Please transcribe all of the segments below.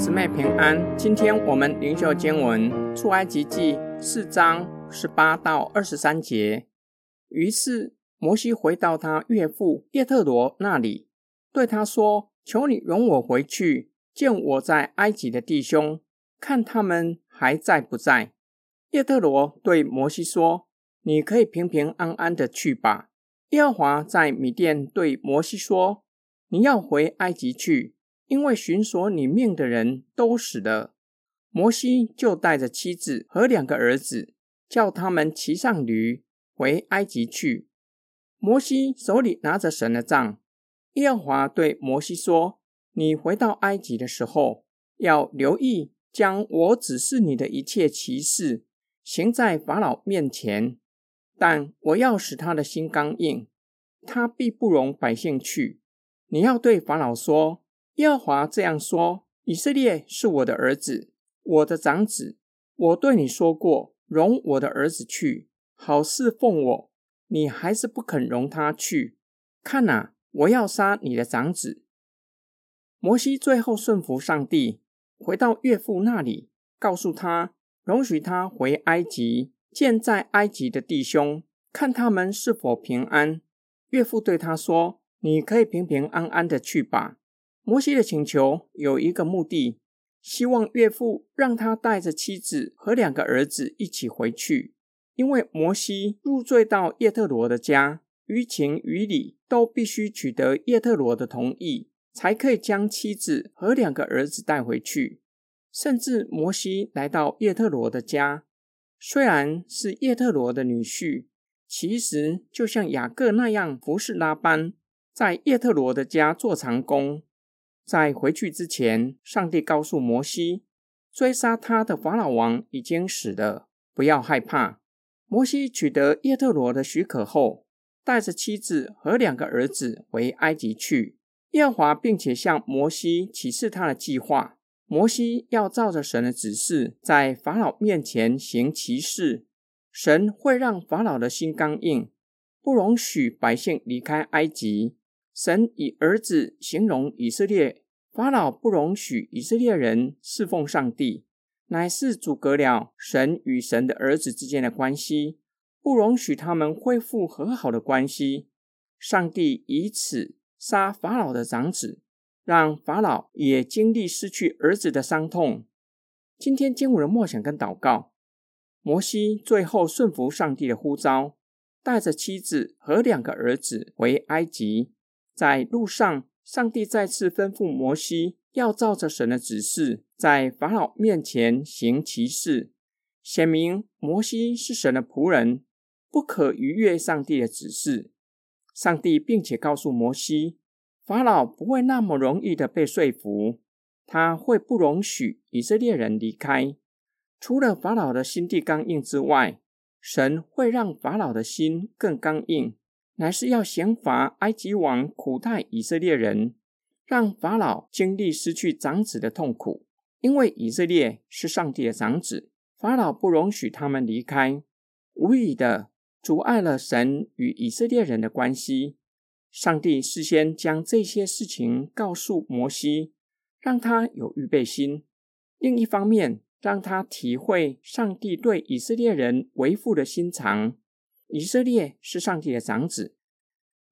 姊妹平安，今天我們靈修經文出埃及記四章十八到二十三節。於是摩西回到他岳父葉忒羅那裡，對他說：“求你容我回去見我在埃及的弟兄，看他們還在不在。”葉忒羅對摩西說：“你可以平平安安的去吧。”耶和華在米甸對摩西說：“你要回埃及去。”因為尋索你命的人都死了，摩西就帶着妻子和兩個兒子，叫他們騎上驢回埃及去。摩西手裡拿着神的杖。耶和華對摩西說：“你回到埃及的時候，要留意將我指示你的一切奇事行在法老面前，但我要使他的心剛硬，他必不容百姓去。你要對法老說。”耶和華這樣說：“以色列是我的兒子，我的長子。我對你說過，容我的兒子去，好事奉我。你還是不肯容他去。看哪，我要殺你的長子。”摩西最後順服上帝，回到岳父那裡，告訴他容許他回埃及，見在埃及的弟兄，看他們是否平安。岳父對他說：“你可以平平安安的去吧。”摩西的請求有一個目的，希望岳父讓他帶着妻子和兩個兒子一起回去。因為摩西入贅到葉忒羅的家，於情於理都必須取得葉忒羅的同意，才可以將妻子和兩個兒子帶回去。甚至摩西來到葉忒羅的家，雖然是葉忒羅的女婿，其實就像雅各那樣服侍拉班，在葉忒羅的家做長工。在回去之前，上帝告訴摩西，追殺他的法老王已經死了，不要害怕。摩西取得葉忒羅的許可後，帶着妻子和兩個兒子回埃及去。耶和華並且向摩西啟示他的計劃：摩西要照着神的指示，在法老面前行奇事，神會讓法老的心剛硬，不容許百姓離開埃及。神以兒子形容以色列，法老不容許以色列人侍奉上帝，乃是阻隔了神與神的兒子之間的關係，不容許他們恢復和好的關係。上帝以此殺法老的長子，讓法老也經歷失去兒子的傷痛。今天經文的默想跟禱告，摩西最後順服上帝的呼召，帶着妻子和兩個兒子回埃及。在路上，上帝再次吩咐摩西，要照着神的指示，在法老面前行奇事，顯明摩西是神的僕人，不可逾越上帝的指示。上帝並且告訴摩西，法老不會那麼容易的被說服，他會不容許以色列人離開。除了法老的心地剛硬之外，神會讓法老的心更剛硬。乃是要刑罰埃及王苦待以色列人，讓法老經歷失去長子的痛苦，因為以色列是上帝的長子，法老不容許他們離開，無疑地阻礙了神與以色列人的關係。上帝事先將這些事情告訴摩西，讓他有預備心；另一方面，讓他體會上帝對以色列人為父的心腸。以色列是上帝的長子，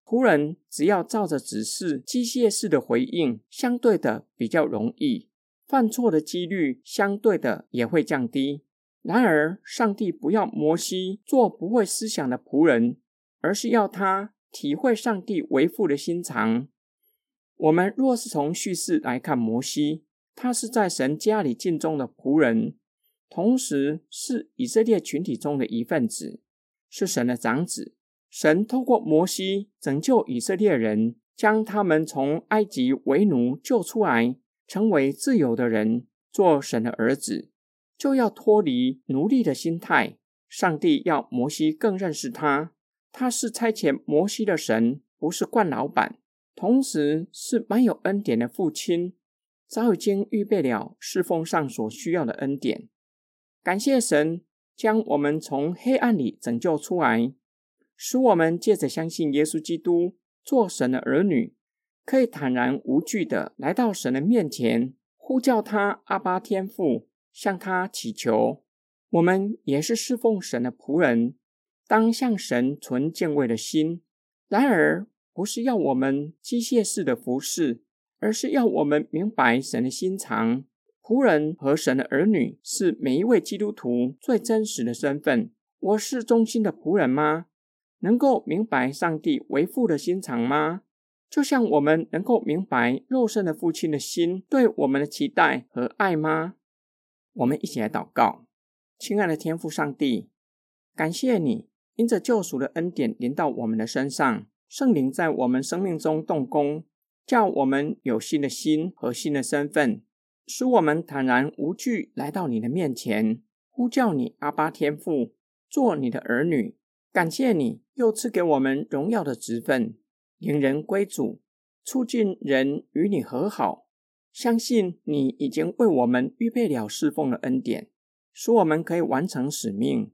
僕人只要照着指示機械式的回應，相對的比較容易，犯錯的幾率相對的也會降低。然而，上帝不要摩西做不會思想的僕人，而是要他體會上帝為父的心腸。我們若是從敘事來看摩西，他是在神家裡盡忠的僕人，同時是以色列群體中的一份子。是神的長子，神透過摩西拯救以色列人，將他們從埃及為奴救出來，成為自由的人。做神的兒子，就要脫離奴隸的心態。上帝要摩西更認識他，他是差遣摩西的神，不是慣老闆，同時是滿有恩典的父親，早已經預備了侍奉上所需要的恩典。感謝神。將我們從黑暗裡拯救出來，使我們借着相信耶穌基督做神的兒女，可以坦然無懼地來到神的面前，呼叫他阿爸天父，向他祈求。我們也是侍奉神的僕人，當向神存敬畏的心。然而，不是要我們機械式的服侍，而是要我們明白神的心腸。僕人和神的兒女是每一位基督徒最真實的身份。我是忠心的僕人嗎？能夠明白上帝為父的心腸嗎？就像我們能夠明白肉身的父親的心，對我們的期待和愛嗎？我們一起來禱告，親愛的天父上帝，感謝你因着救贖的恩典臨到我們的身上，聖靈在我們生命中動工，叫我們有新的心和新的身份。使我們坦然無懼來到你的面前，呼叫你阿爸天父，做你的兒女，感謝你又賜給我們榮耀的職分，領人歸主，促進人與你和好，相信你已經為我們預備了事奉的恩典，使我們可以完成使命。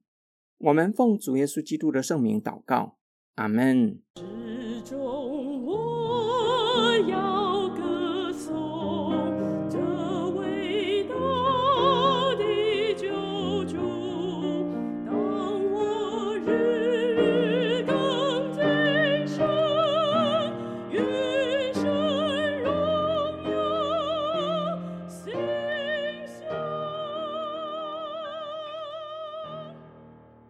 我們奉主耶穌基督的聖名禱告，阿門。